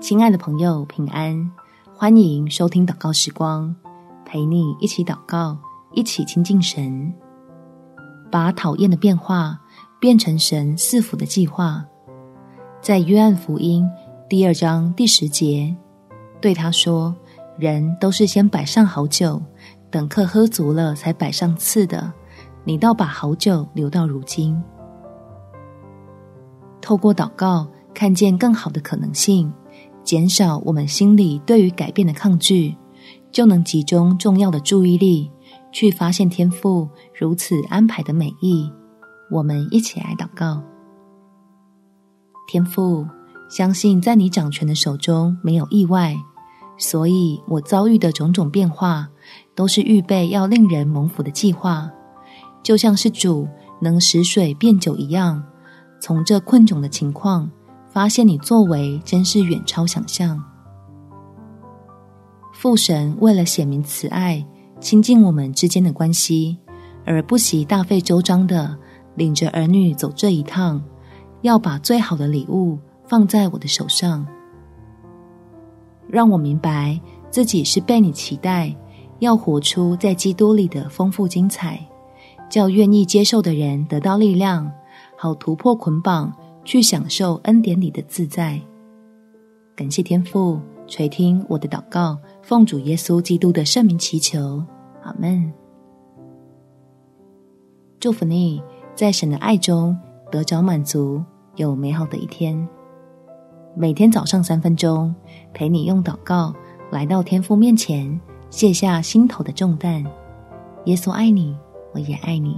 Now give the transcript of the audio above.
親愛的朋友，平安！歡迎收聽禱告時光，陪你一起禱告，一起親近神，把討厭的變化變成神賜福的計劃。在約翰福音第二章第十節，對他說：“人都是先擺上好酒，等客喝足了才擺上次的。你倒把好酒留到如今。”透過禱告，看見更好的可能性。減少我們心裡對於改變的抗拒，就能集中重要的注意力去發現天父如此安排的美意。我們一起來禱告：天父，相信在你掌權的手中沒有意外，所以我遭遇的種種變化都是預備要令人蒙福的計劃。就像是主能使水變酒一樣，從這困窘的情況。發現你作為真是遠超想象父神為了顯明慈愛、親近我們之間的關係，而不惜大費周章的領着兒女走這一趟，要把最好的禮物放在我的手上，讓我明白自己是被你期待，要活出在基督裡的豐富精彩，叫願意接受的人得到力量，好突破捆綁。去享受恩典裡的自在，感謝天父垂聽我的禱告，奉主耶穌基督的聖名祈求，阿門。祝福你，在神的愛中得着滿足，有美好的一天。每天早上三分鐘，陪你用禱告來到天父面前，卸下心頭的重擔。耶穌愛你，我也愛你。